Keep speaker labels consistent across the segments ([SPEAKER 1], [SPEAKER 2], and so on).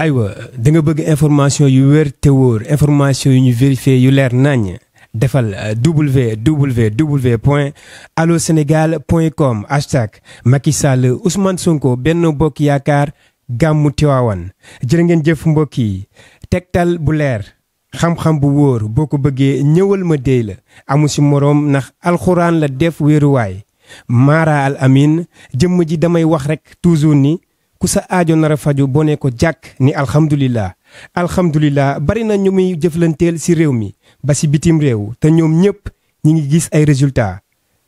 [SPEAKER 1] aywa da nga bëgg information yu wér te wóor information yu ñu vérifié yu leer nañ defal www euh, point allo sénégal point com hashtag Macky Sall Ousmane Sonko Benno Bokk Yaakaar gàmmu Tiwaawan jër ngeen jëf mbokk yi tegtal bu leer xam-xam bu wóor boo ko bëggee ñëwal ma déy la amu si moroom ndax alxuraan la def wéeruwaay Mara Al Amine jëmm ji damay wax rekk toujours ni ku sa aajo nar a faju boo ko jàkk ni alhamdulillah alhamdulillah bari na ñu muy jëflanteel si réew mi ba si bitim réew te ñoom ñëpp ñi ngi gis ay résultats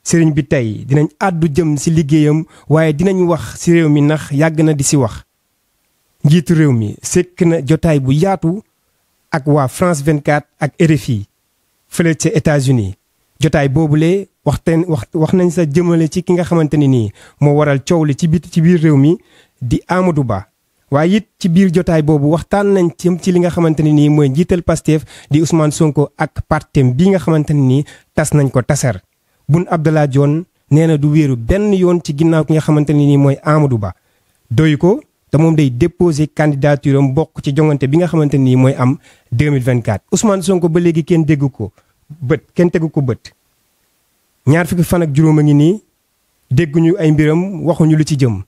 [SPEAKER 1] sëriñ bi tey dinañ àddu jëm si liggéeyam waaye dinañ wax si réew mi ndax yàgg na di si wax. njiitu réew mi sekk na jotaay bu yaatu ak waa France 24 ak RFI fële ca états jotaay boobu boobule waxteen wax wax nañ sa jëmale ci ki nga xamante ni nii moo waral coow li ci biir ci biir réew mi. di Amadou Ba waaye it ci biir jotaay boobu waxtaan nañ ci ci li nga xamante ne nii mooy njiital Pastef di Ousmane Sonko ak partem bi nga xamante ne nii tas nañ ko taser Boun Abdallah jone nee na du wéeru benn yoon ci ginnaaw ki nga xamante ne nii mooy Amadou Ba doy ko te moom day déposé candidature am bokk ci jongante bi nga xamante nii mooy am 2024 Ousmane Sonko ba léegi kenn déggu ko bët kenn tegu ko bët ñaar fukki fan ak juróom a ngi nii dégguñu ay mbiram waxuñu lu ci jëm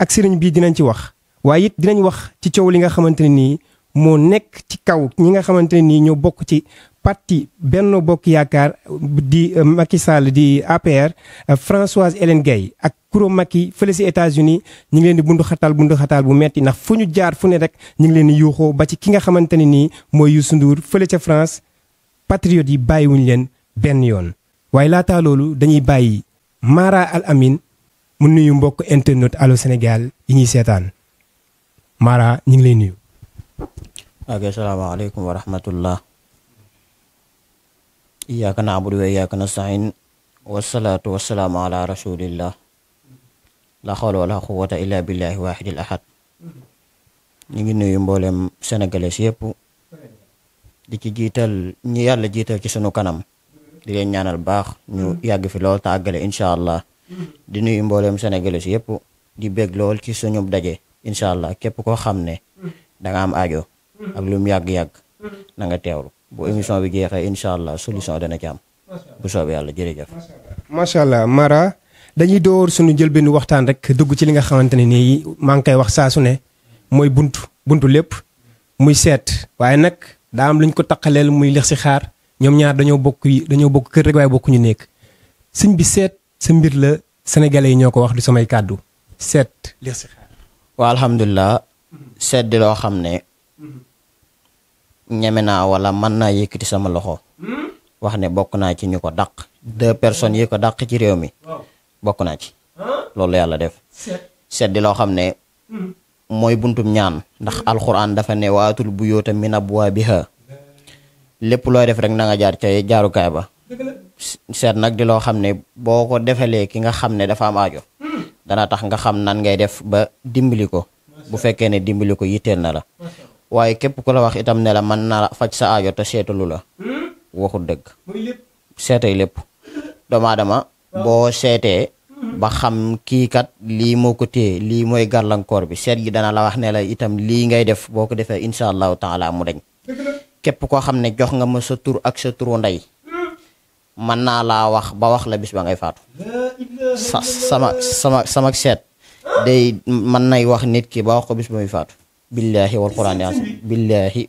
[SPEAKER 1] ak sëriñ bi dinañ ci wax waaye it dinañ wax ci coow li nga xamante ne nii moo nekk ci kaw ñi nga xamante ne nii ñoo bokk ci parti Benno Bokk Yaakaar di euh, Macky Sall di APR euh, Françoise Hélène Gaye ak kuro Macky fële si États-Unis ñu ngi leen di bundu xataal bundu xataal bu metti ndax fu ñu jaar fu ne rek ñu ngi leen di yuuxoo ba ci ki nga xamante ne nii mooy Youssou fële ca France patriotes yi bàyyiwuñu leen benn yoon waaye laataa loolu dañuy bàyyi Mara Al Amin mu nuyu mbokk internet Allô Sénégal yi ñuy seetaan
[SPEAKER 2] Mara ñu ngi lay nuyu. ok salaamaaleykum wa rahmatullah. iyyaka na'budu wa iyyaka nasta'in wasalaatu wasalaamu ala rasulillah la xawla wala quwwata illa billahi wahidil ahad ñu ngi nuyu mboolem sénégalais yëpp di ci jiital ñi yàlla jiital ci sunu kanam di leen ñaanal baax ñu yàgg fi lool te incha allah di nuyu mbooleem sénégalais yëpp di bég lool ci suñu daje incha allah képp koo xam ne danga am aajo ak lu mu yàgg-yàgg na nga teewlu bu émission bi jeexee incha allah solution dana ci am bu soobee yàlla jërëjëf.
[SPEAKER 1] macha allah Mara dañuy door suñu jël njëlbéenu waxtaan rek dugg ci li nga xamante ne nii maa ngi koy wax saa su ne mooy buntu buntu lépp muy seet waaye nag daa am lu ñu ko taqaleel muy lex si xaar ñoom ñaar dañoo bokk dañoo bokk kër rek waaye bokkuñu nekk sa mbir la sénégalais yi ñoo ko wax du samay kàddu seet
[SPEAKER 2] li si xaar loo xam ne ñeme naa wala mën naa yëkkati sama loxo hmm? wax ne bokk naa ci ñu ko dàq deux personnes yi ko dàq ci réew mi bokk naa ci loolu yàlla def seet loo xam ne hmm. mooy buntum ñaan ndax hmm. alxuraan dafa ne waatul bu yoota mi min abwaabiha lépp looy def rek nanga jaar ca jaarukaay ba seet nag di loo xam ne boo ko defalee ki nga xam ne dafa am aajo dana tax nga xam nan ngay def ba dimbali ko bu fekkee ne dimbali ko yitteel na la waaye képp ku la wax itam ne la mën naa faj sa aajo te seetalu la waxul dëgg seetay lépp doomu aadama boo seetee ba xam kii kat lii moo ko téye lii mooy gàllankoor bi seet gi dana la wax ne la itam lii ngay def boo ko defee incha allahu taala mu dañ képp koo xam ne jox nga ma sa tur ak sa turu ndey mën naa laa wax ba wax la bis ba ngay faatu sa sama sama sama seet day mën nay wax nit ki ba wax ko bis ba muy faatu billaahi wal quraanil azim billaahi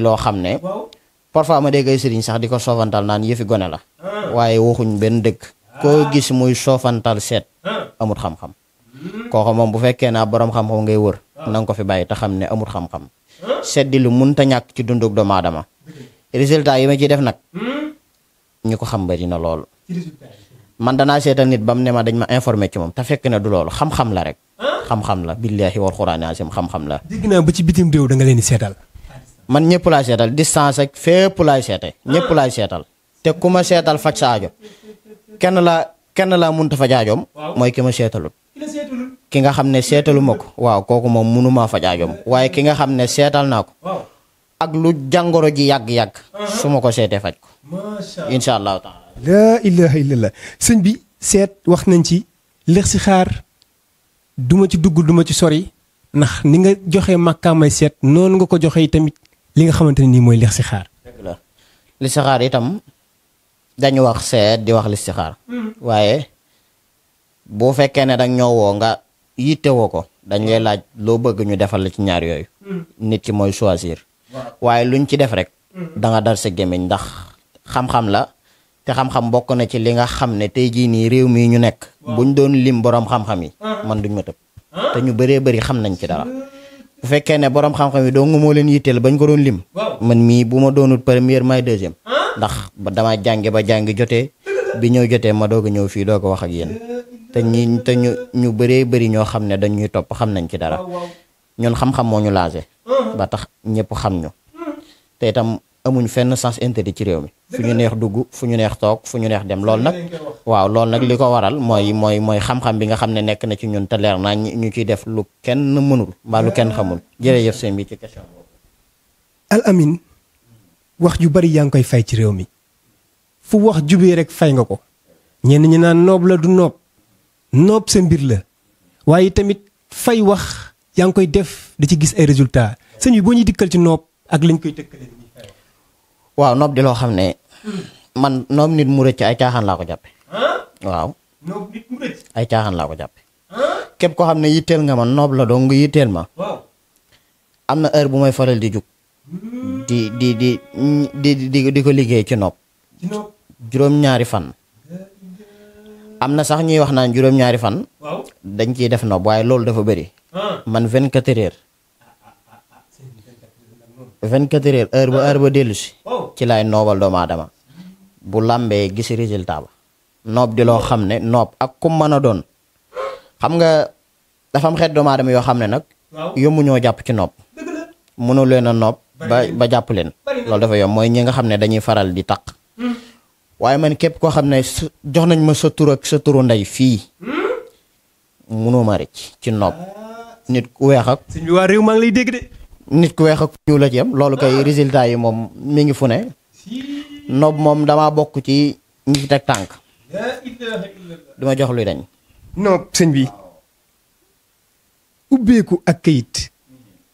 [SPEAKER 2] loo xam ne parfois ma dégg ay sëriñ sax di ko soofantal naan yëfi gone la waaye waxuñ benn dëkk koo gis muy soofantal seet amut xam-xam kooku moom bu fekkee naa boroom xam-xam ngay wër na ko fi bàyyi te xam ne amut xam-xam seet di lu munta ñàkk ci dundug doomu aadama résultat yi ma ciy def nag hmm? ñu ko xam bari na loolu man danaa seetal nit ba mu ne ma dañ ma informé ci moom te fekk na du loolu xam-xam la rek. xam-xam la billaahi wal xuraani asim xam-xam la.
[SPEAKER 1] dégg ci bitim réew da leen di seetal.
[SPEAKER 2] man ñëpp laay seetal distance ak fépp laay seete ñépp laay seetal te ku ma seetal faj saajo kenn la kenn laa mënta faj aajoom mooy ki ma seetalut. ki nga xam ne seetaluma ko waaw kooku moom mënu maa faj aajoom waaye ki nga xam ne seetal naa ko. ak lu jàngoro ji yàgg-yàgg uh-huh. su ma ko seetee faj ko incha allahu taala laa ilaha illallah
[SPEAKER 1] sëñ bi seet wax nañ ci lex si xaar duma ci dugg duma ci sori ndax ni nga joxe màkkaamay seet noonu nga ko joxe tamit li nga xamante ne nii mooy lex
[SPEAKER 2] si xaar li si itam dañu wax seet di wax li si xaar mm-hmm. waaye boo fekkee ne danga ñoo woo nga yittewoo ko dañ lay laaj loo bëgg ñu defal la ci ñaar yooyu mm-hmm. nit ki mooy choisir waaye lu ñu ci def rek da nga sa gémmiñ ndax xam-xam la te xam-xam bokk na ci li nga xam ne tey jii nii réew mii ñu nekk buñ doon lim boroom xam-xam yi ah. man duñ ma tëb ah. te ñu bëree bëri xam nañ ci dara bu fekkee ne boroom xam yi dong moo leen yitteel bañ ko doon lim man mii bu ma doonul première may deuxième ah. ndax ba dama jànge ba jàngi jotee bi ñëw jotee ma doog ñëw fii doog a wax ak yéen te ñi te ñu ñu bëree bëri ñoo xam ne dañuy topp xam nañ ci dara ñun xam-xam moo ñu laase ba tax ñëpp xam ñu te itam amuñ fenn sens interdit ci réew mi fu ñu neex dugg fu ñu neex toog fu ñu neex dem loolu nag waaw loolu li ko waral mooy mooy mooy xam bi nga xam ne nekk na ci ñun te leer naa ñu ciy def lu kenn mënul mbaa kenn xamul jërëjëf sëñ bi ci question
[SPEAKER 1] amin wax ju bari yaa ngi koy fay ci réew mi fu wax jubee rek fay nga ko ñenn ñi naan noob la du noob noob sa mbir la waaye tamit fay wax
[SPEAKER 2] yaa ngi koy def di ci gis ay résultat sëñ bi boo ñuy dikkal ci noob ak lañ koy tëkkale. waaw noob di loo xam ne man noob nit mu rëcc ay caaxaan laa ko jàppe waaw noob laa ko jàppe képp koo xam ne yitteel nga ma noob la dong yitteel ma. am na heure bu may faral di jug. di di di di di di ko liggéey ci noob. juróom-ñaari fan. am na sax ñuy wax naan juróom-ñaari fan. dañ ciy def noob waaye loolu dafa bari man 24 heures. 24 heures heure ba heure ba dellu si oh. ci lay noobal doomu aadama bu làmbee gis résultat ba noob di loo xam ne noob ak kum mën a doon xam nga dafa am xeet doomu aadama yoo xam ne nag yomb ñoo jàpp ci noob mënul leen a noob ba ba jàpp leen loolu dafa yomb mooy ñi nga xam ne dañuy faral di taq hmm. waaye man képp koo xam ne jox nañ ma sa tur ak sa turu ndey fii hmm? mënoo ma rëcc ci noob ah. nit ku nit ku weex ak ñuul la ci yam loolu kay résultat yi moom mi ngi fu ne nob moom damaa bokk ci ñi ci teg tànk du jox luy dañ non sëñ bi
[SPEAKER 1] ubbeeku ak kayit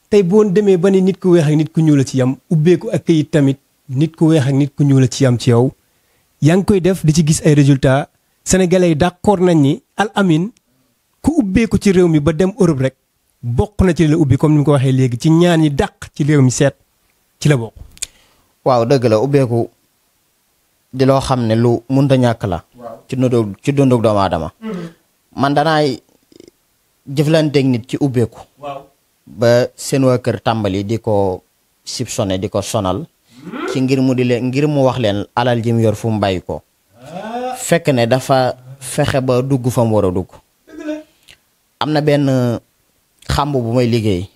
[SPEAKER 1] tey boo demee ba ni nit ku weex nit ku ñuul la ci yam ubbeeku ak kayit tamit nit ku weex ak nit ku ñuul la ci yam ci yow yaa ngi koy def di ci gis ay résultats sénégalais yi d'accord nañ ni al amin ku ubbeeku ci réew mi ba dem Europe rek bokk na ci la ubbi comme ni mu ko waxee léegi ci ñaan yi dàq ci réew mi seet ci la bokk.
[SPEAKER 2] waaw dëgg la ubbeeku di loo xam ne lu munta ñàkk la. ci dundug ci dundug doomu aadama. Mm-hmm. man danaay jëflanteeg nit ci ubbeeku. ba seen waa kër tàmbali di ko sib di ko sonal. Mm-hmm. ci ngir mu di leen ngir mu wax leen alal ji mu yor fu bàyyi ko. Ah. fekk ne dafa fexe ba dugg fa mu war a dugg. am na benn. xamb bu may liggéey.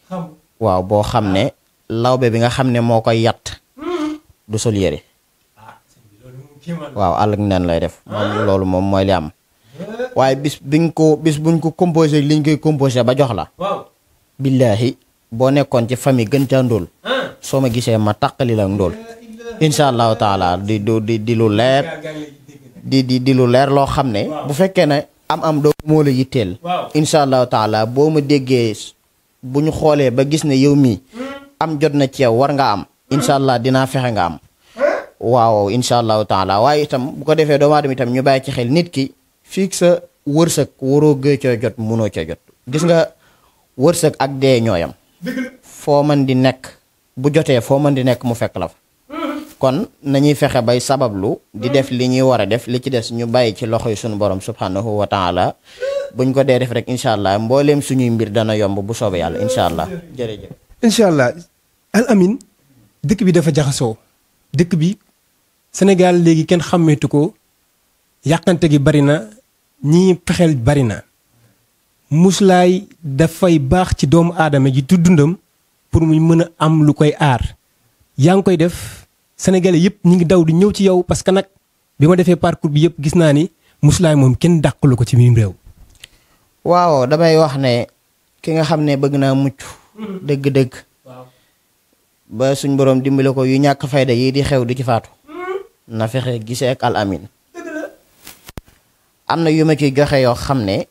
[SPEAKER 2] waaw boo xam ne ah. lawbe bi nga xam ne moo koy yàtt hmm. du sol yére ah, waaw àll ak lay def ah. moom loolu moom mooy li am
[SPEAKER 1] eh.
[SPEAKER 2] waaye bis biñ ko bis buñ ko composé liñ koy composé ba jox la. billaahi boo nekkoon ci famille gën caa ndóol soo ma gisee ma taqali la ndóol incha allahu taala di di di leer di di di lu leer loo xam ne bu fekkee ne. am-am doo moo la yitteel. waaw incha allahu taala boo ma déggee bu ñu xoolee ba gis ne yow mii am jot na ci war nga am incha allah dinaa fexe nga am. waaw incha allahu taala waaye itam bu ko defee doomu aadama itam ñu bàyyi ci xel nit ki fii sa wërsëg waroo gëj coo jot munoo coo jot gis nga wërsëg ak dee ñooyam. foo man di nekk bu jotee foo mën di nekk mu fekk la fa. kon nañuy fexe bay sabablu di def li ñuy war a def li ci des ñu bàyyi ci loxo yi suñu borom subhanahu wa taala buñ ko dee def rek incha allah mbooleem suñuy mbir dana yomb bu soobee yàlla incha allah jërëjëf.
[SPEAKER 1] incha allah al amin dëkk bi dafa jaxasoo dëkk bi Sénégal léegi kenn xàmmeetu ko yàqante gi bari na ñii pexeel bari na muslaay dafay baax ci doomu aadama ji du dundam pour mu mën a am lu koy aar yaa ngi koy def. sénégalais yëpp ñu ngi daw di ñëw ci yow parce que nag bi ma defee parcours bi yëpp gis naa ni Moussoulaye moom kenn dàqalu ko ci biir réew.
[SPEAKER 2] waaw damay wax ne ki nga xam ne bëgg naa mucc. dëgg-dëgg. ba suñ borom dimbale ko yu ñàkk fayda yi di xew di ci faatu. na fexe gisee ak al amin. am na yu ma ciy joxe yoo xam ne.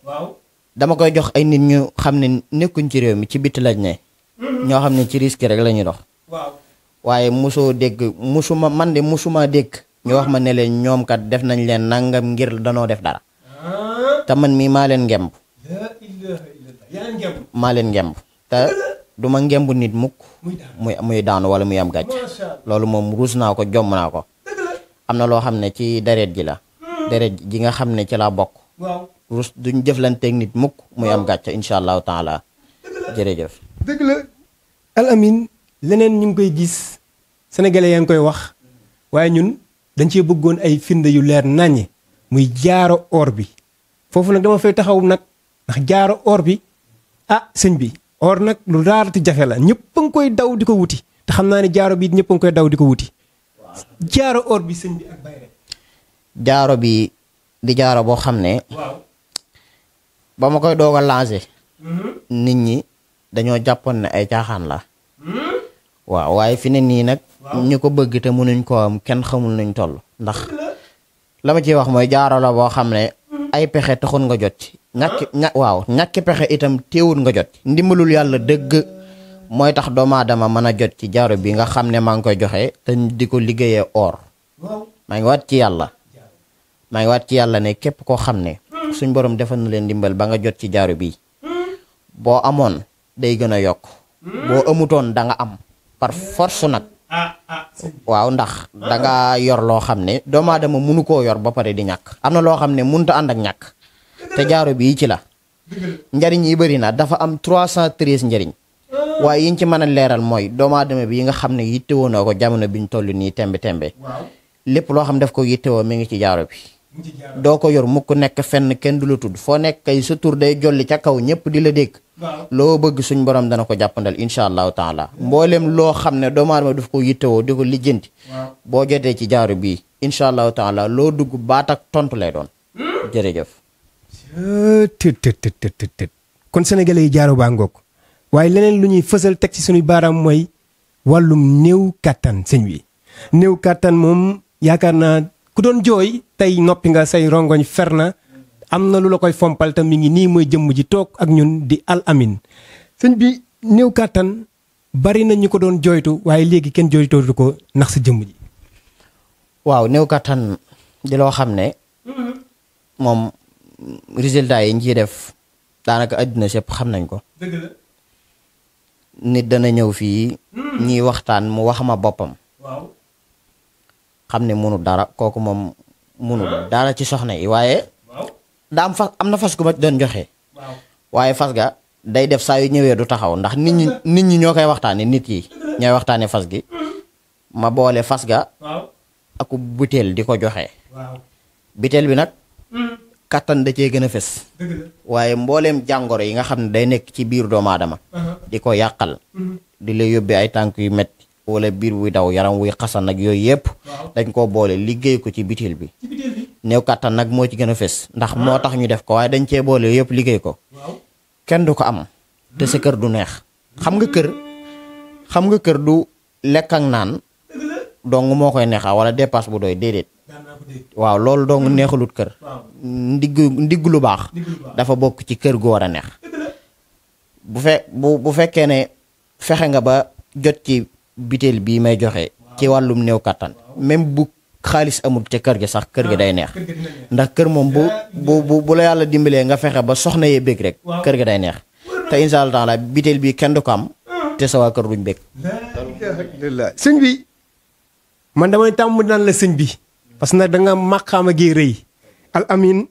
[SPEAKER 2] dama koy jox ay nit ñu xam ne nekkuñ ci réew mi ci bitti lañ ne. Mm-hmm. ñoo xam ne ci risque rek lañuy dox. waaye mosoo dégg mosuma man de mosuma dégg ñu wax ma ne leen ñoom kat def nañ leen nangam ngir danoo def dara
[SPEAKER 1] ah. te
[SPEAKER 2] man mii maa leen ngemb maa leen ngemb te du ma ngemb nit mukk muy muy daanu wala muy am gàcc loolu moom ruus naa ko jomm naa ko am na loo xam ne ci deret ji la hmm. deret ji nga xam ne ci laa bokk ruus duñ jëflanteeg nit mukk muy am gàcc incha allahu taala jërëjëf
[SPEAKER 1] dëgg leneen ñu ngi koy gis sénégalais yaa ngi koy wax waaye ñun dañ cee bëggoon ay firnde yu leer naññe muy jaaro or bi foofu nag dama fay taxaw nag ndax jaaro or bi ah sëñ bi or nag lu raarati jafe la ñëpp koy daw di ko wuti te xam naa ne jaaro bi ñëpp koy daw di ko wuti jaaro or bi sëñ bi ak bay
[SPEAKER 2] jaaro bi di jaaro boo xam ne ba ma koy doog a lancé mhm. nit ñi dañoo jàppoon ne ay caaxaan la waaw waaye fi ne nii nag. ñu ko bëgg te mënuñ koo am kenn xamul nuñ toll. ndax la ma ciy wax mooy jaaro la boo xam ne. Hmm. ay pexe taxul nga jot ci. Ah. waaw ñàkk pexe itam teewul nga jot ndimbalul yàlla dëgg mooy tax doomaadama mën a jot ci jaaro bi nga xam ne maa ngi koy joxe te di ko liggéeyee or. maa ngi waat ci yàlla. maa ngi waat ci yàlla ne képp koo xam ne. Hmm. suñ borom defal na leen ndimbal ba nga jot ci jaaro bi hmm. boo amoon day gën a yokk. boo amutoon da am. force nag ah, ah. waaw ndax danga yor loo xam ne doomu aadama munu koo yor ba pare di ñàkk am na loo xam ne munuta ànd ak ñàkk te jaaro bii ci la njariñ yi bari na dafa am cent 313 njariñ waaye yiñ ci mën a leeral mooy doomu aadama bi yi nga xam ne yittewoo woonoo ko jamono biñ toll nii tembe tembe lépp loo xam daf ko yittewoo mi ngi ci jaaro bi doo ko yor mukk nekk fenn kenn du la tudd foo nekk kay su tur day jolli ca kaw ñëpp di la dégg. loo bëgg suñ borom dana ko jàppandal incha allahu taala mboolem loo xam ne doomu aadama daf ko yittewoo di ko lijjanti. boo jotee ci jaaro bii incha allahu taala loo dugg baat ak tontu lay doon. Hmm? jërëjëf.
[SPEAKER 1] tët tët tët tët kon sénégalais yi jaaru baa ngoog waaye leneen lu ñuy fësal teg ci suñuy baaraam mooy wàllum néew kàttan sëñ bi néew kàttan moom ku doon jooy tey noppi nga say rongoñ fer na am na lu la koy fompal te mi ngi nii mooy jëmm ji toog ak ñun di al amin sëñ bi néew kattan bari na ñu ko doon jooytu waaye léegi kenn jooytootu ko ndax sa jëmm
[SPEAKER 2] ji. waaw néew kattan di loo xam ne moom résultat yi ñu ciy def daanaka àddina sépp xam nañ ko. nit dana ñëw fii. Hmm. ñuy waxtaan mu wax ma boppam. xam ne munu dara kooku moom munu dara ci soxna yi waaye daa am fas am na fas gu ma doon joxe waaye fas ga day def saa yu ñëwee du taxaw ndax nit ñi nit ñi ñoo koy waxtaane nit yi ñooy waxtaane fas gi ma boole fas ga aku butéel di ko joxe butéel bi nag hmm. kàttan da cee gën a fes waaye mbooleem jàngoro yi nga xam ne day nekk ci biir doomu aadama di ko yàqal hmm. di la yóbbee ay tànk yu wala biir wuy daw yaram wuy xasan nag yooyu yëpp dañ koo boole liggéey ko ci bitil bi néew kàttan nag moo ci gën a fés ndax ah. moo tax ñu def ko waaye dañ cee boole yëpp liggéey ko kenn du ko am te sa kër du neex xam nga kër xam nga kër du lekk ak naan dong moo koy neexa wala dépasse bu doy déedéet waaw loolu dong hmm. neexalut kër ndigg ndigg lu baax dafa bokk ci kër gu war a neex bu fe bu bu fekkee ne fexe nga ba jot ci butéel bii may joxe ci wàllum néew kàttan même bu xaalis amul ca kër gi sax kër gi day neex ndax kër moom bu bu bu la yàlla dimbalee nga fexe ba soxna yee bëgg rek kër gi day neex te incha allah taala butéel bii kenn du ko am te sa waa kër duñ bëgg. sëñ bi
[SPEAKER 1] man damay tàmm naan la sëñ bi parce que nag da nga màqaama gi rëy al amin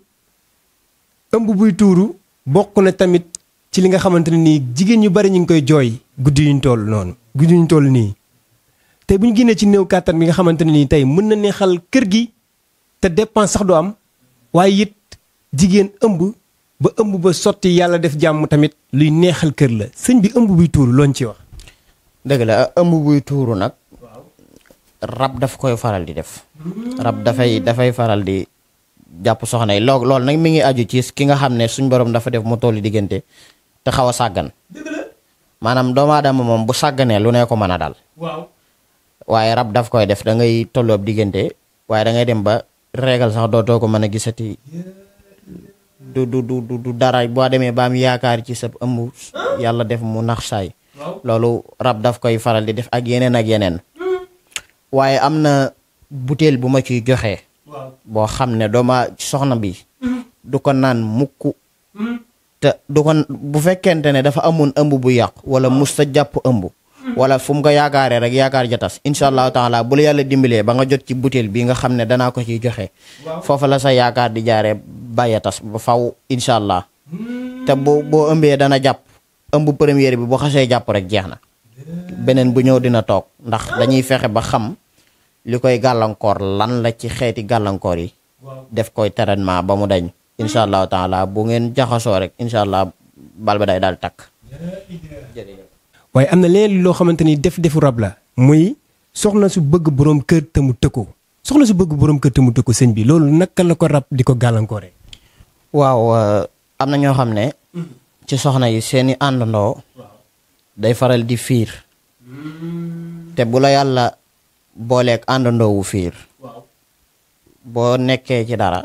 [SPEAKER 1] ëmb buy tuuru bokk na tamit ci li nga xamante ne nii jigéen ñu bari ñu ngi koy jooy. guddi yuñ tool noonu guddi yuñ toll nii tey bu ñu génnee ci néew kàttan bi nga xamante ne nii tey mën na neexal kër gi te dépense sax du am waaye it jigéen ëmb ba ëmb ba sotti yàlla def jàmm tamit luy neexal kër la sëñ bi ëmb buy tuuru looñ ci wax.
[SPEAKER 2] dëgg la ëmb buy tuuru nag rab daf koy faral di def. rab dafay dafay faral di jàpp soxna yi lool loolu nag mi ngi aju ci ki nga xam ne suñ borom dafa def mu tolli diggante te xaw a sàggan. maanaam doomu aadama moom bu sàgganee lu ne ko mën a dal. waaye rab daf koy def dangay ngay tolloob diggante waaye da ngay dem ba régal sax doo ko mën a gisati du du du du dara boo demee ba am yaakaar ci sa ëmb yàlla def mu nax saay. loolu rab daf koy faral di def ak yeneen ak yeneen. waaye am na butéel bu ma ciy joxe. boo xam ne dooma soxna bi. Mm-hmm. du ko naan mukk mm-hmm. te du ko bu fekkente ne dafa amoon ëmb bu yàq wala ah. mus sa jàpp ëmb wala fu mu ko yaakaaree rek yaakaar jatas incha allahu taala bu la yàlla dimbalee ba nga jot ci butéel bi nga xam ne danaa ko ciy joxe foofu la sa yaakaar di jaaree bàyyi tas ba faw incha allah hmm. te boo boo ëmbee dana jàpp ëmb première bi boo xasee jàpp rek jeex na beneen bu ñëw dina toog ndax dañuy fexe ba xam li koy gàllankoor lan la ci xeeti gàllankoor yi def koy traitement ba mu dañ incha allahu taala bu ngeen jaxasoo rek incha allah bal day daal takk.
[SPEAKER 1] waaye am na leen loo xamante ni def defu rab la muy soxna su bëgg boroom kër te mu tëkko soxna su bëgg boroom kër te mu sëñ bi loolu naka la ko rab di ko gàllankoore.
[SPEAKER 2] waaw euh, am na ñoo xam ne. ci soxna yi seeni àndandoo. day faral di fiir. te bu la yàlla booleek àndandoowu fiir. boo nekkee ci dara.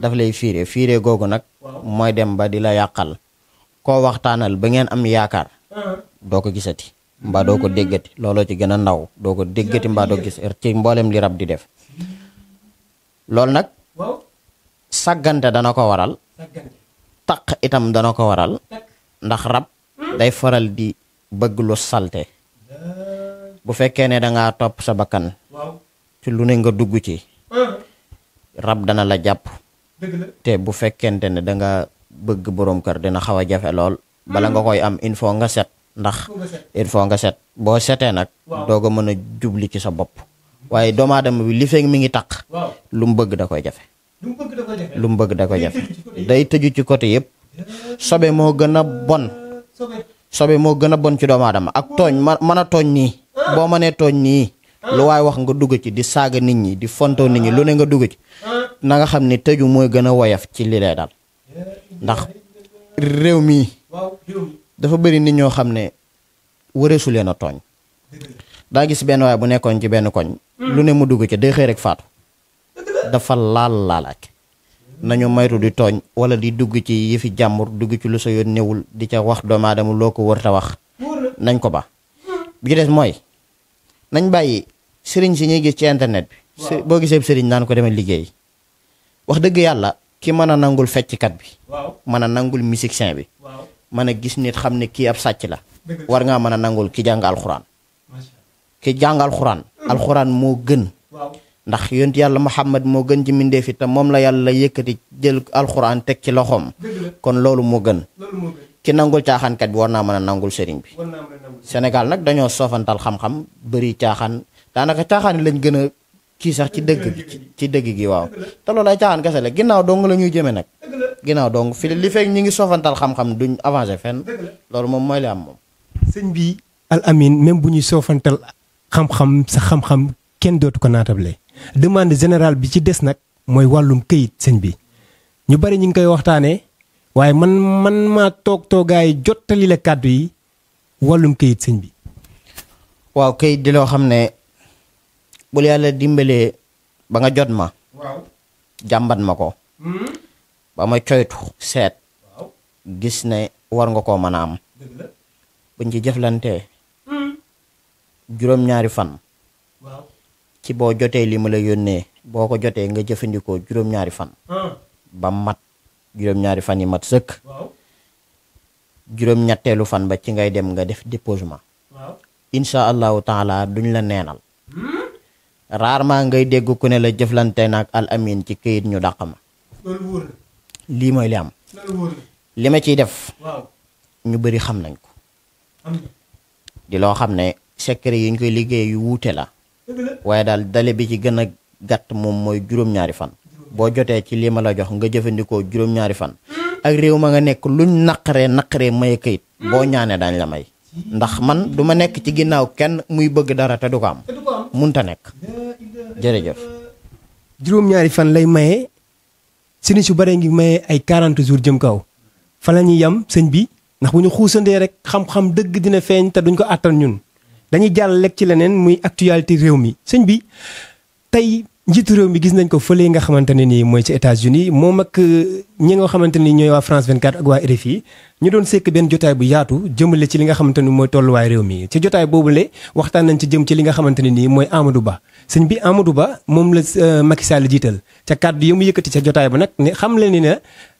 [SPEAKER 2] daf lay fiire fiire googu nag mooy dem ba di la yàqal koo waxtaanal ba ngeen am yaakaar uh-huh. doo ko gisati mbaa doo ko mm. déggati looloo ci gën a ndaw doo ko déggati mbaa doo gis er ci mboolem li rab di def loolu nag saggante dana ko waral taq itam dana ko waral ndax rab hmm? day faral di bëgg lu salte bu fekkee ne dangaa topp sa bakkan ci lu ne nga dugg ci uh-huh. rab dana la jàpp te bu fekkente ne danga bëgg borom kër dina xaw a jafe lool. bala nga koy am il faut nga set. ndax il faut nga set boo setee nag. doog a mën a jubli ci sa bopp. waaye doomu aadama bi li fekk mi ngi taq. lu mu bëgg da koy jafe. lu
[SPEAKER 1] mu bëgg da koy jafe.
[SPEAKER 2] day tëju ci côté yëpp. sobe moo gën a bon. sobe moo gën a bon ci doomu aadama ak tooñ ma mën a tooñ nii. Ah. boo mënee tooñ nii. lu waaye wax nga dugg ci di saaga nit ñi di fontoo nit ñi lu ne nga dugg ci nanga xam ni tëju mooy gën a woyaf ci li daal ndax réew mii dafa bari nit ñoo xam ne wëreesu leen a tooñ daa gis benn waaye bu nekkoon ci benn koñ lu ne mu dugg ci day xëy rek faatu dafa laal laalaak nañu maytu di tooñ wala di dugg ci yëfi jàmbur dugg ci lu sa yoon newul di ca wax doomu aadama loo ko wër wax nañ ko ba bi ci des mooy nañ bàyyi sëriñ si ñuy gis ci internet bi. boo gisee sëriñ naan ko demee liggéey wax dëgg yàlla kii mën a nangul fecckat bi. waaw mën a nangul musicien bi. waaw a gis nit xam ne kii ab sàcc la. war ngaa mën a nangul ki jàng alxuraan. ki jàng alxuraan. alxuraan moo gën. ndax yonent yàlla Muhammad moo gën ci mbindeef itam moom la yàlla yëkkati jël alxuraan teg ci loxoom. kon loolu moo gën. ki nangul caaxaankat bi war naa mën a nangul sëriñ bi. Sénégal nag dañoo soofantal xam-xam bëri caaxaan daanaka caaxaan lañ gën a kii sax ci dëgg ci dëgg gi waaw. te loolu ay caaxaan kese ginnaaw dong la ñuy jëmee nag. ginnaaw dong fi li fekk ñi ngi soofantal xam-xam duñ avancé fenn loolu moom mooy li am moom.
[SPEAKER 1] sëñ bi al amin même bu ñuy soofantal xam-xam sa xam-xam kenn dootu ko naatable demande générale bi ci des nag mooy wàllum këyit sëñ bi ñu bari ñu ngi koy waxtaanee. waaye man man maa toog toogaay jottali la kàddu yi wàllum këyit sëñ bi.
[SPEAKER 2] waaw këyit di loo xam ne bul yàlla dimbalee ba nga jot ma. jàmbat ma ko. Hmm? ba ma coytu seet. gis ne war nga koo mën a ci jëflantee. Hmm? juróom-ñaari fan. ci boo jotee li ma la yónnee boo ko jotee nga jëfandikoo juróom-ñaari fan. Hmm. ba mat. juróom-ñaari fan yi mat sëkk. juróom-ñetteelu fan ba ci ngay dem nga def déposement. incha allahu taala duñ la neenal. Hmm? rarement ngay dégg ku ne la jëflante nag al amin ci kayit ñu dàq ma. lii mooy li am. li ma ciy def. ñu bëri xam nañ ko. di loo xam ne secret yi ñu koy liggéey yu wuute la. waaye daal dale bi ci gën a gàtt moom mooy juróom-ñaari fan. boo jotee ci lii ma la jox nga jëfandikoo juróom-ñaari fan ak réew ma nga nekk luñ naqaree naqaree maye kayit boo ñaanee dañ la may ndax man duma nekk ci ginnaaw kenn muy bëgg dara te du ko am munta nekk jërëjëf juróom-ñaari
[SPEAKER 1] fan lay maye sëriñ su bare ngi maye ay 40 jours jëm kaw fan la ñuy yam sëñ bi ndax bu ñu xuusandee rek xam-xam dëgg dina feeñ te duñ ko àttan ñun dañuy jàll lekk ci leneen muy actualité réew mi sëñ bi tey njiitu réew mi gis nañ ko fële nga xamante ne nii mooy ci États-Unis moom ak euh, ñi nga xamante ni ñooy waa France 24 ak waa RFI ñu doon sekk benn jotaay bu yaatu jëmale ci li nga xamante ni mooy tolluwaay réew mi ci jotaay boobule waxtaan nañ ci jëm ci li nga xamante ne nii mooy Amadou Ba sëñ bi Amadou Ba moom la euh, Macky Sall jiital ca kàddu yi mu yëkkati ca jotaay ba nag ne xam le ni ne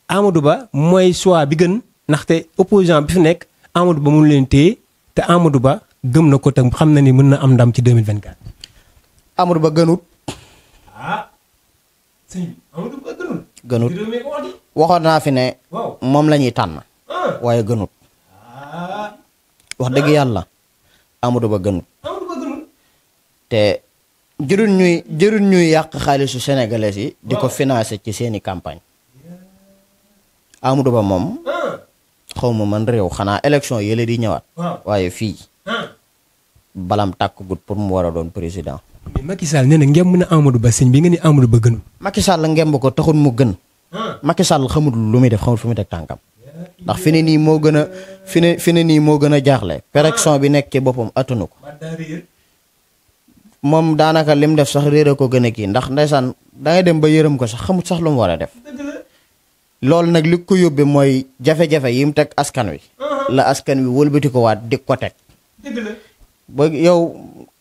[SPEAKER 1] Amadou Ba mooy choix bi gën ndaxte opposant bi fi nekk Amadou Ba mun leen téye te Amadou Ba gëm na ko te xam na ni mën na am ndam ci 2024.
[SPEAKER 2] Amadou Ba gënut. ah waxoon naa fi ne. moom lañuy ñuy tànn. Ah. waaye gënut. Ah. wax dëgg ah. yàlla. Amadou Ba gënut. te jëruñ ñuy ñuy yàq xaalisu sénégalais yi. di ko financé ci seeni campagne Amadou Ba moom. xaw ma man réew xanaa élection yële di ñëwaat. waaye fii. balam tàkk gut pour mu war a doon président.
[SPEAKER 1] mais Macky Sall nee na
[SPEAKER 2] ngemb na Amadou Ba sëñ bi nga ni Amadou Ba gënul. Macky Sall ngemb ko taxul mu gën. Ah. Macky Sall xamul lu muy def xamul fu muy teg tànkam. ndax fi ne nii moo gën a fi ne fi ne nii moo gën a jaaxle. péréction bi nekk ci boppam attanu ko. moom daanaka lim def sax réer ko gën a kii ndax ndeysaan da dem ba yërëm ko sax xamut sax lu mu war a def. loolu nag li ko yóbbee mooy jafe-jafe yi mu teg askan wi. Ah. la askan wi wëlbati ko waat di ko teg. boo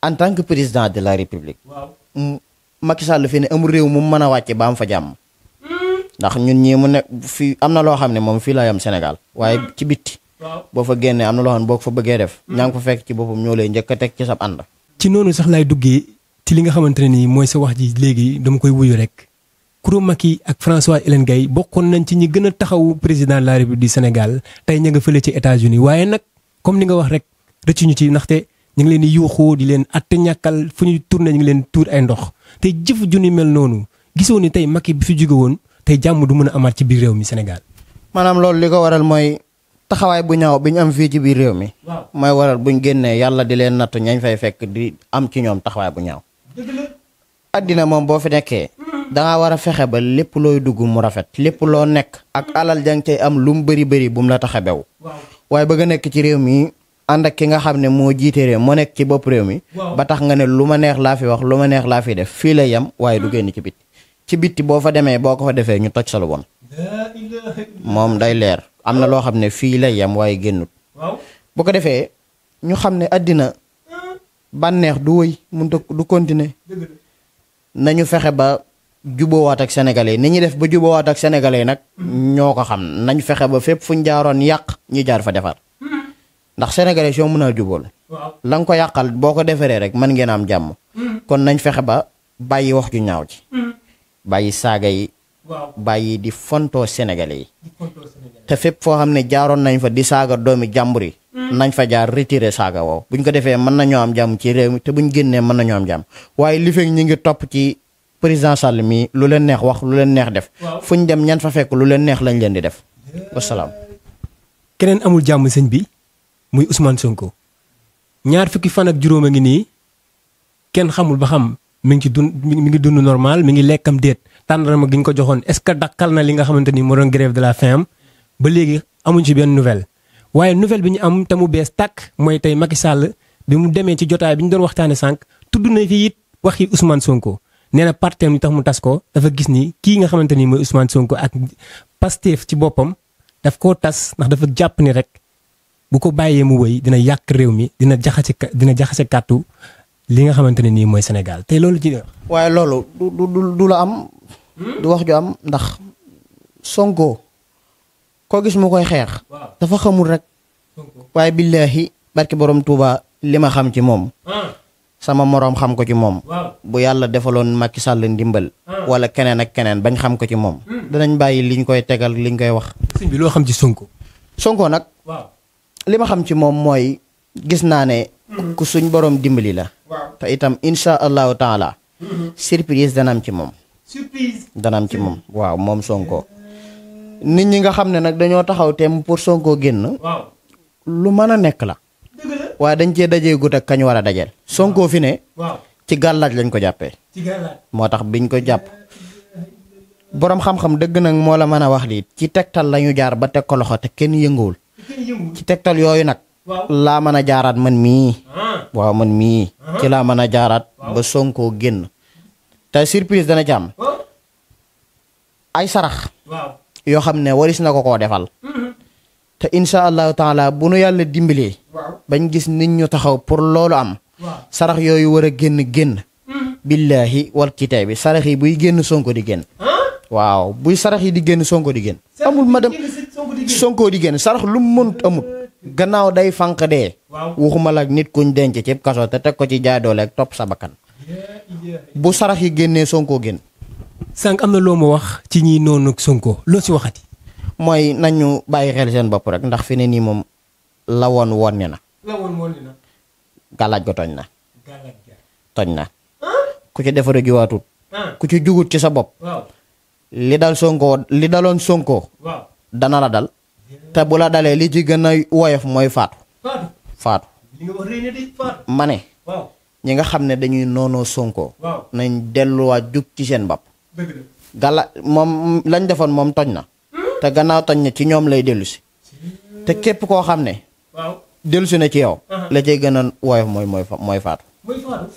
[SPEAKER 2] en tant que président de la république. waaw mm, Macky Sall fi ne amul réew mu mën a wàcce ba am fa jàmm. ndax ñun ñii mu ne fii am na loo xam ne moom fii laa am Sénégal waaye mm. ci bitti. boo fa génnee am na loo xam ne boo fa bëggee def. Mm. ñaa ngi ko fekk ci boppam ñoo lay njëkk teg ci sab ànd.
[SPEAKER 1] ci noonu sax laay duggee ci li nga xamante ne nii mooy sa wax ji léegi dama koy wuyu rek. Coura Macky ak François Hélène Gaye bokkoon nañ ci ñi gën a taxawu président de la République du Sénégal tey ña nga fële ci États-Unis waaye nag comme ni nga wax rek rëccuñu ci ndaxte ñu ngi leen di yuuxoo di leen atte ñàkkal fu ñuy tourné ñu leen tuur ay ndox tey jëf junni mel noonu gisoo ni tey Macky bi fi jóge woon tey jàmm du mën a amaat ci biir réew mi
[SPEAKER 2] Sénégal. maanaam loolu li ko waral mooy taxawaay bu ñaaw bi ñu am fii ci biir réew mi. mooy waral bu ñu génnee yàlla di leen nattu ñañ fay fekk di am ci ñoom taxawaay bu ñaaw. addina moom boo fi nekkee. da war a fexe ba lépp looy dugg mu rafet. lépp loo nekk. ak alal jang cay am lu mu bëri bëri bu mu tax a bew ànd ak ki nga xam ne moo jiite moo nekk ci bopp réew mi. ba tax nga ne lu ma neex laa fi wax lu ma neex laa fi def fii la yem waaye du ah. génn ci bitti ci bitti boo fa demee boo ko fa defee ñu toj sa lu bon moom day leer am na loo xam ne fii la yem waaye génnut. bu ko defee ñu xam ne àddina bànneex du wëy mënut du continuer nañu fexe ba. waat ak sénégalais ni ñuy def ba juboowaat ak sénégalais nag mm. ñoo ko xam nañ fexe ba fépp fu ñu jaaroon yàq ñu jaar fa defar ndax sénégalais soo mën a jubóol la nga ko yàqal boo ko deferee rek mën ngeen am jàmm mm. kon nañ fexe ba bàyyi wax ju ñaaw ci mm. bàyyi saaga yi bàyyi di fontoo sénégalais yi te fépp foo xam ne jaaroon nañ fa di saaga doomi jàmbur yi mm. nañ fa jaar retiré saaga woow buñ ko defee mën nañoo am jàmm ci réew mi te buñ génnee mën nañoo am jàmm waaye li fekk ñi ngi topp ci président Sall mii lu leen neex wax lu leen neex def fuñ dem ñan fa fekk lu leen neex lañ leen di def wasalaam
[SPEAKER 1] amul jàmm sëñ bi muy Ousmane Sonko ñaar fukki fan ak juróom a ngi nii kenn xamul ba xam mi ngi ci dund mi ngi dund normal mi ngi lekkam déet tàndarama gi ñu ko joxoon est-ce que dakkal na li nga xamante ni moo doon grève de la faim ba léegi amuñ ci benn nouvelle. waaye nouvelle bi ñu am te mu bees tàkk mooy tey Macky Sall bi mu demee ci jotaay bi ñu doon waxtaanee sànq tudd na fi it wax waxi Ousmane Sonko nee na parteem ñu tax mu tas ko dafa gis ni kii nga xamante ni mooy Ousmane Sonko ak Pastef ci boppam daf koo tas ndax dafa jàpp ni rek. bu ko bàyyee mu wëy dina yàq réew mi dina jaxase dina jaxase kàttu li nga xamante ne nii mooy Sénégal te loolu ci.
[SPEAKER 2] waaye loolu du du du la am. Hmm? du wax ju am ndax Sonko koo gis mu koy xeex. dafa xamul rek. waaye billaahi barki boroom Touba li ma xam ci moom. Ah. sama moroom xam ko ci moom. bu yàlla defaloon Macky Sall ndimbal. Ah. wala keneen ak keneen bañ xam ko ci moom. Hmm. danañ bàyyi liñ koy tegal liñ koy wax. sëñ bi loo xam ci Sonko. Sonko nag. li ma xam ci moom mooy gis naa ne. Mhm. ku suñ borom dimbali la. te itam incha allahu taala. Mhm. surprise dana am ci moom. surprise ci moom waaw moom sonkoo nit ñi nga xam ne nag dañoo taxaw teem pour Sonko génn. lu mën a nekk la. waaye dañ cee dajee gut kañ war a dajeel. sonkoo fi ne. ci gàllaaj lañ ko jàppee. moo tax biñ ko jàpp. boroom xam-xam dëgg nag moo la mën a wax lii ci tegtal la ñu jaar ba teg ko te kenn yënguwul. ci tegtal yooyu nag. laa mën a jaaraat man mii. Ah. waaw man mii. Ah. ci laa mën a jaaraat ba sonkoo génn. te surprise dana ci oh. ay sarax. yoo xam ne waris na ko koo defal. Mm-hmm. te incha allahu taala bu nu yàlla dimbalee. bañ gis nit ñu taxaw pour loolu am. sarax yooyu war a génn génn. Mm-hmm. billaahi wal kitaabi sarax yi buy génn Sonko di génn. Ah. waaw buy sarax yi di génn sonko di génn. amul ma dem sonko di génn sarax lu mu mënut amut. gannaaw day fànq dee. waxuma la ak nit kuñ denc ci kaso te teg ko ci jaay doole ak topp sa bakkan bu sarax yi génnee sonko génn. sànq am na loo mu wax ci ñii noonu ak sonko loo si waxati. mooy nañu bàyyi xel seen bopp rek ndax fi ne nii moom lawoon woon ni na. lawoon woon ko toñ na. galaaj toñ na. ku ci defaree jiwaatut. ku ci jugut ci sa bopp. li dal Sonko li daloon Sonko. waaw dana la dal. te bu la dalee li ci gën a woyof mooy faatu. faatu ma ne. ñi nga xam ne dañuy noonoo Sonko. nañ delluwaat jug ci seen bopp. gala moom lañ defoon moom toj na. Hmm? te gannaaw toj na ci ñoom lay dellusi
[SPEAKER 1] hmm. te képp
[SPEAKER 2] koo xam ne. dellusi si na ci yow. la cay gën a woyof mooy mooy faatu.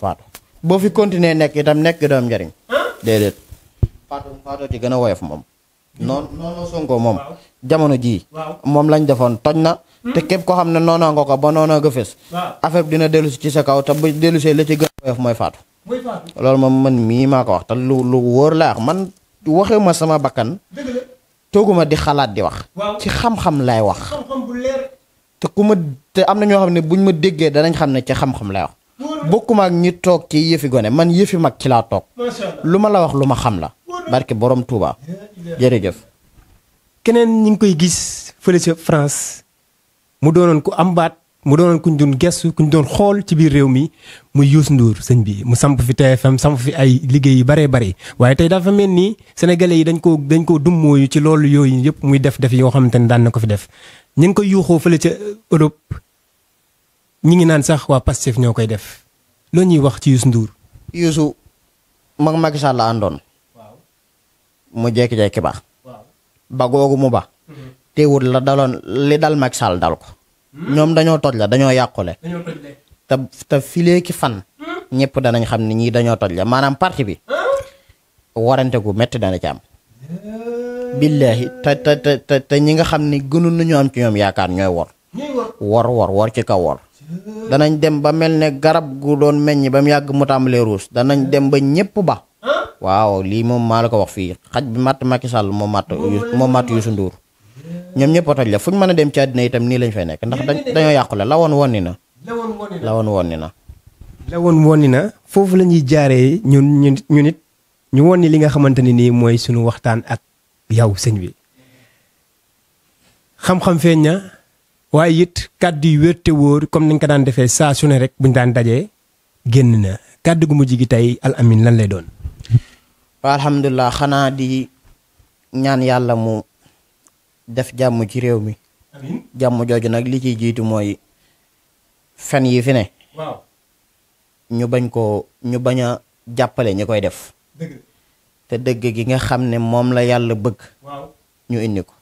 [SPEAKER 2] faatu boo fi continuer nekk itam nekk doom njariñ déedéet. Fatou Fatou ci gën a woyof moom. Hmm. noonu noonu Sonko moom. jamono jii. moom lañ defoon toj na. Hmm. te képp koo xam ne noonaa nga ko ba noonaa nga fës. affaire bi dina dellu ci sa kaw te bu dellusee la ci gën a woyof mooy Fatou. loolu moom man mii maa ko wax te lu lu wóor laa wax man waxee ma sama bakkan. tooguma di xalaat di wax. ci xam-xam lay wax. te ku ma te am na ñoo xam ne buñ ma déggee danañ xam ne ci xam-xam lay wax. bokkuma ñi toog ci yëfi gone man yëfi mag ci laa toog. barke borom Touba jërëjëf.
[SPEAKER 1] keneen ñu ngi koy gis fële ca France mu doonoon ku am baat mu doonoon kuñ doon gestu kuñ doon xool ci biir réew mi muy Youssou nduur sëñ bi mu samp fi te TFM samp fi ay liggéey yu baree bari waaye tey dafa mel nii sénégalais yi dañ ko dañ koo dummóoyu ci loolu yooyu yëpp muy def def yoo xamante ne daan na ko fi def ñu ngi koy yuuxoo fële ca Europe ñu ngi naan sax waa Pastef ñoo koy def loo ñuy wax ci Youssou nduur
[SPEAKER 2] Youssou mag Macky Sall la àndoon. mu jékki-jékki ba ba googu mu ba teewul la daloon li dal Macky Sall dal ko ñoom dañoo toj la dañoo yàqule te te fileeki fan ñëpp danañ xam ni ñii dañoo toj la maanaam parti bi warante gu metti dana ci am billaahi te te te te ñi nga xam ni gënul nañu am ci ñoom yaakaar ñooy wor wor wor wor ci kaw wor danañ dem ba mel ne garab gu doon meññ ba mu yàgg mu tàmbalee ruus danañ dem ba ñëpp ba waaw lii moom maa la ko wax fii xaj bi matt Macky Sall moo matt moo matt Youssou Ndour ñoom ñëpp a toj la fu ñu mën a dem ci àddina itam nii lañ fay nekk ndax dañoo yàqule lawoon wonni na lawoon wonni na
[SPEAKER 1] lawoon wonni na foofu la ñuy jaaree ñun ñun ñu ñu wonni li nga xamante ne nii mooy suñu waxtaan ak yow sëñ bi xam-xam feeñ na waaye it kàddu yu wér wóor comme nañ ko daan defee saa su ne rek buñ daan dajee génn na kàdd gu mujj gi tey al amin lay doon
[SPEAKER 2] alhamdulilah xanaa di ñaan yàlla mu def jàmm ci réew mi jàmm jooju nag li ciy jiitu mooy fen yi ñu bañ ko ñu bañ a jàppale ñu koy def te dëgg gi nga xam ne moom la yàlla bëgg ñu indi ko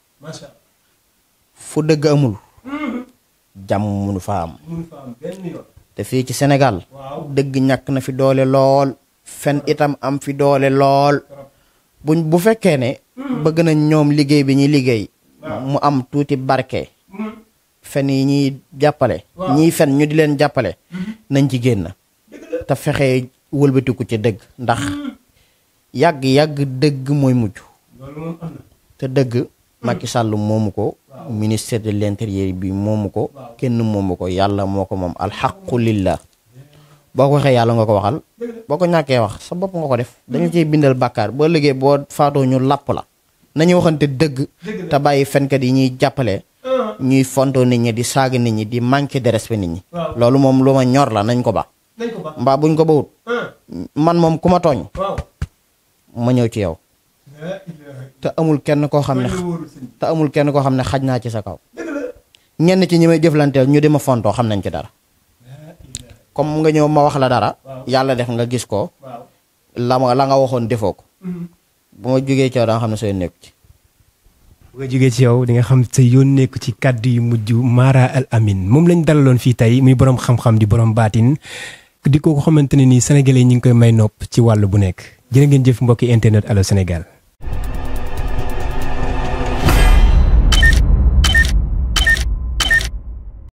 [SPEAKER 2] fu dëgg amul mm-hmm. jàmm munu fa am te fii ci senegal dëgg ñàkk na fi doole lool fen itam am fi doole lool buñ bu fekkee ne bëgg nañ ñoom liggéey bi ñuy liggéey mu am tuuti barke fen yi ñuy jàppale ñii fen ñu di leen jàppale mm-hmm. nañ ci génn te fexe wëlbatiku ci dëgg ndax yàgg-yàgg dëgg mooy mujj te dëgg Macky sàll moomu ko ministère de l'intérieur bi moomu ko kenn moomu ko yàlla moo ko moom alxaqu lillah boo ko waxee yàlla nga ko waxal boo ko ñàkkee wax sa bopp nga ko def dañu ciy bindal bàkkaar boo liggéey boo faatoo ñu làpp la nañu waxante dëgg te bàyyi fenkat yi ñuy jàppale ñuy fontoo nit ñi di saaga nit ñi di manquer de nit ñi loolu moom lu ñor la nañ ko ba mbaa buñ ko bawut man moom ku ma ma ñëw ci yow te amul kenn koo xam ne te amul kenn koo xam ne xaj naa ci sa kaw ñenn ci ñi may jëflanteel ñu di ma fontoo xam nañ ci dara comme nga ñëw ma wax la dara. yàlla def nga gis ko. la ma la nga waxoon defoo ko. Mm-hmm. bu ma jógee ci yow da nga xam nekk ci. bu nga jógee
[SPEAKER 1] yow di nga xam sa yoon nekk ci kàddu yu mujj Mara Al Amine moom lañ dalaloon fii tey muy borom xam-xam di borom baatin di ko xamante ni nii sénégalais ñi ngi koy may nopp ci wàll bu nekk jërë ngeen jëf mbokki internet Allô Sénégal.